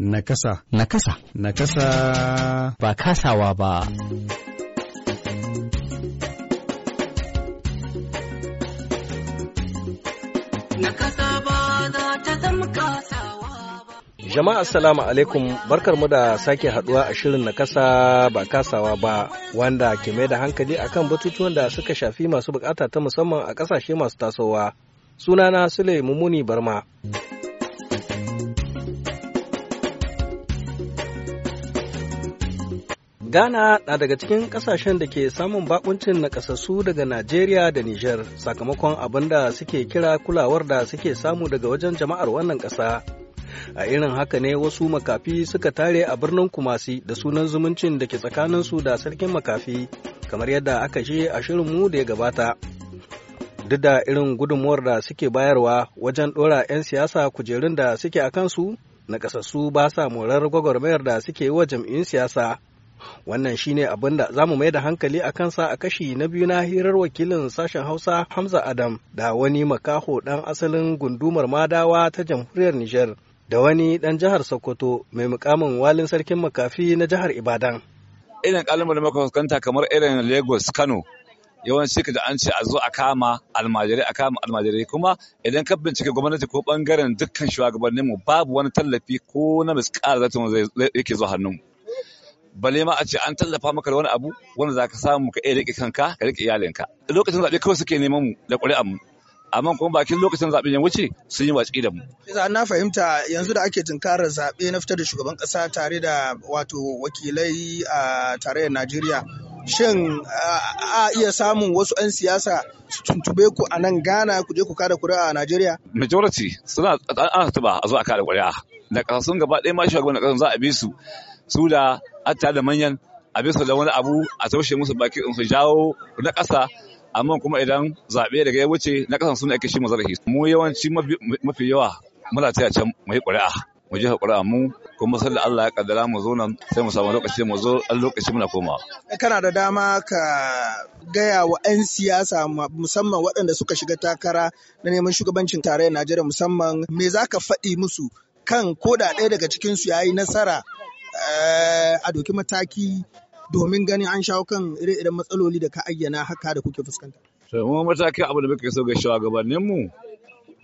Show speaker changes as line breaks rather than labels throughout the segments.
Nakasa. Nakasa. Nakasa. Ba kasawa ba.
kasa ba za ta zama kasawa
ba. Jama'a assalamu alaikum barkarmu da sake haduwa a shirin na kasa ba kasawa ba wanda ke mai da hankali akan batutuwan da suka shafi masu bukata ta musamman a kasashe masu tasowa. Sunana Sule Mumuni Barma. Ghana na daga cikin kasashen da ke samun bakuncin nakasassu daga Najeriya da Nijar sakamakon abin da suke kira kulawar da suke samu daga wajen jama'ar wannan ƙasa. A irin haka ne wasu makafi suka tare a birnin Kumasi da sunan zumuncin da ke tsakaninsu da sarkin makafi kamar yadda aka je a shirinmu da ya gabata. Duk da irin gudunmuwar da suke bayarwa wajen ɗora 'yan siyasa kujerun da suke a kansu, nakasassu ba sa morar gwagwarmayar da suke yi wa jam'in siyasa. Wannan shine abin da za mu mai da hankali a kansa a kashi na biyu na hirar wakilin sashen Hausa Hamza Adam da wani makaho dan asalin gundumar Madawa ta jamhuriyar Nijar da wani dan jihar Sokoto mai mukamin walin sarkin makafi na jihar Ibadan.
Irin kalmar da kamar irin Lagos Kano yawanci da an ce a zo a kama almajirai a kama almajirai kuma idan ka bincike gwamnati ko bangaren dukkan shugabanninmu babu wani tallafi ko na miskar zai yake zuwa hannunmu. bale ma a ce an tallafa maka da wani abu wanda za ka samu ka iya riƙe kanka ka riƙe iyalinka lokacin zaɓe kawai suke neman mu da ƙuri'a mu amma kuma bakin lokacin zaɓe ya wuce sun yi watsi da mu.
Yasa na fahimta yanzu da ake tunkarar zaɓe na fitar da shugaban ƙasa tare da wato wakilai a tarayyar Najeriya. Shin a iya samun wasu 'yan siyasa su tuntube ku a nan Ghana ku je ku kada ƙuri'a a Najeriya?
Majority suna ana tuba a zuwa kada ƙuri'a, Da ƙasa sun gaba ɗaya ma shugaban ƙasa za a bi su su da hatta da manyan a bisa da wani abu a taushe musu baki su jawo na ƙasa amma kuma idan zaɓe daga ya wuce na ƙasan suna ake shi mu zarafi mu yawanci mafi yawa muna ta can mu yi ƙuri'a mu jefa ƙuri'a mu kuma sai Allah ya kaddara mu zo nan sai mu samu lokaci mu zo an lokaci muna komawa.
Kana da dama ka gaya wa 'yan siyasa musamman waɗanda suka shiga takara na neman shugabancin tarayyar Najeriya musamman me za ka faɗi musu kan koda ɗaya daga cikinsu ya yi nasara Eh, a doki mataki domin ganin an shawo kan ire-iren matsaloli da ka ayyana haka da kuke fuskanta.
To mu mataki abu da muke so ga shugabannin mu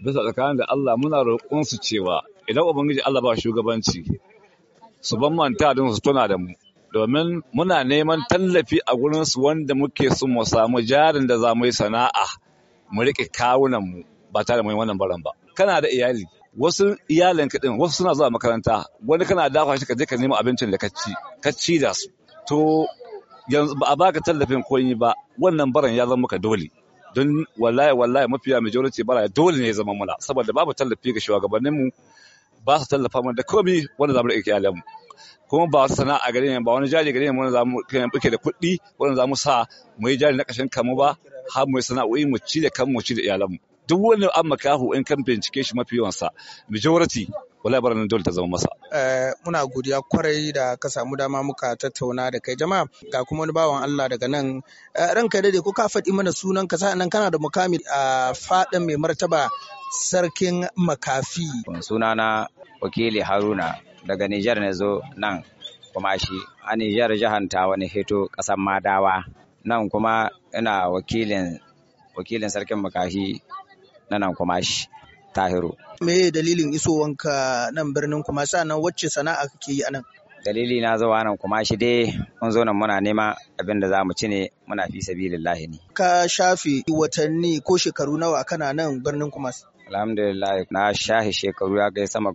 bisa tsakanin da Allah muna roƙon su cewa idan ubangiji Allah ba shugabanci su ban manta don su tuna da mu domin muna neman tallafi a gurin su wanda muke so mu samu jarin da za mu yi sana'a mu riƙe kawunan mu ba tare da yi wannan baran ba kana da iyali wasu iyalin ka din wasu suna zuwa makaranta wani kana dafa shi ka je ka nemo abincin da ka ci da su to yanzu ba a baka tallafin koyi ba wannan baran ya zama ka dole don wallahi wallahi mafiya majority bara dole ne ya zama muna saboda babu tallafi ga shugabannin mu ba su tallafa mana da komai wanda zamu rike iyalan mu kuma ba su sana'a gare ne ba wani jari gare ne wanda zamu kai buke da kuɗi wanda zamu sa mu yi jari na kashin kamu ba har mu yi sana'o'i mu ci da kanmu mu ci da iyalan mu duk wani an makahu in kan bincike shi mafi yawansa majority wala nan dole ta zama masa.
Eh, muna godiya kwarai da ka samu dama muka tattauna da kai jama'a ga kuma wani bawan Allah daga nan eh, ranka dade ko ka faɗi mana sunan ka sa'an kana da mukami a faɗin mai
martaba sarkin makafi. sunana wakili haruna daga Nijar ne zo nan kuma shi a Nijar jahanta wani heto kasan madawa nan kuma ina wakilin wakilin sarkin Makafi. na nan shi tahiru
me dalilin isowanka nan birnin sa nan wacce
sana'a kake yi a dalili na zuwa nan kuma shi dai mun zo nan muna nema abin da za mu ci ne muna fi sabilillahi ne.
Ka shafe watanni ko shekaru nawa kana nan
birnin Kumas? Alhamdulillah na shahi shekaru ya kai sama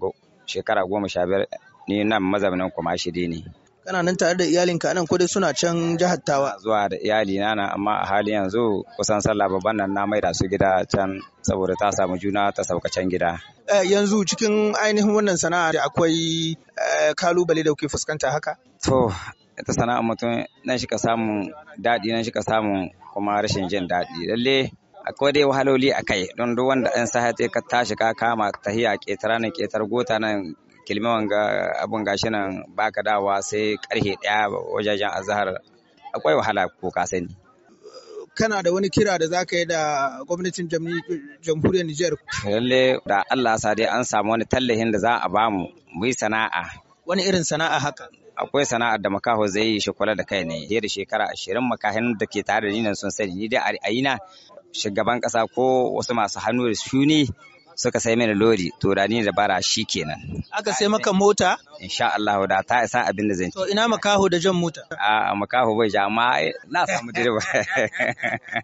shekara goma sha biyar ni nan mazaunin kuma shi dai ne.
kana nan tare da iyalinka nan ko dai suna can jihar tawa
zuwa da iyali na nan amma a halin yanzu kusan sallah babban nan na mai da su gida can saboda ta samu juna ta sauka can gida
eh, yanzu cikin ainihin wannan sana'a da akwai eh, kalubale da kuke fuskanta haka
to ita sana'a mutum nan shi ka samu daɗi nan shi ka samu kuma rashin jin daɗi lalle akwai dai wahaloli a kai don duk wanda ɗan sa ka tashi ka kama tahiya ƙetara nan gota nan kilimawan ga abun gashi nan baka dawa sai karfe daya wajajen azahar akwai wahala ko ka sani
kana da wani kira da za ka yi da gwamnatin jamhuriyar
Nijar? Lalle da Allah sa dai an samu wani tallahin da za a bamu mu yi sana'a. Wani irin sana'a haka? Akwai sana'ar da makaho zai yi shekwala da kai ne, sai da shekara ashirin makahin da ke tare da ni nan sun sani, ni dai a na shugaban kasa ko wasu masu hannu da shuni suka sai mini lori turani da bara shi kenan aka sai maka mota insha Allah da ta isa abin da zan to ina makaho da jan mota a makaho bai ja amma na samu direba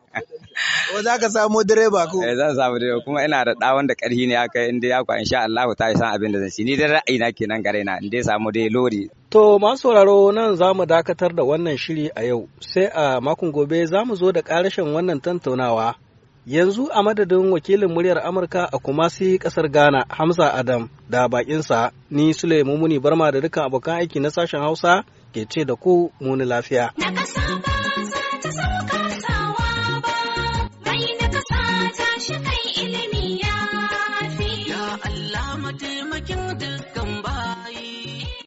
ko za ka samu direba ko eh zan samu direba kuma ina da da wanda karhi ne aka inda ya kwa insha Allah ta isa abin da zan ci ni da ra'ayi na kenan gare na inda samu dai lori
To masu sauraro nan za mu dakatar da wannan shiri a yau, sai a makon gobe za mu zo da ƙarashin wannan tantaunawa yanzu a madadin wakilin muryar amurka a kumasi kasar ghana hamza adam da bakinsa ni sule mumuni barma da dukkan abokan aiki na sashen hausa ke ce da ku muni lafiya.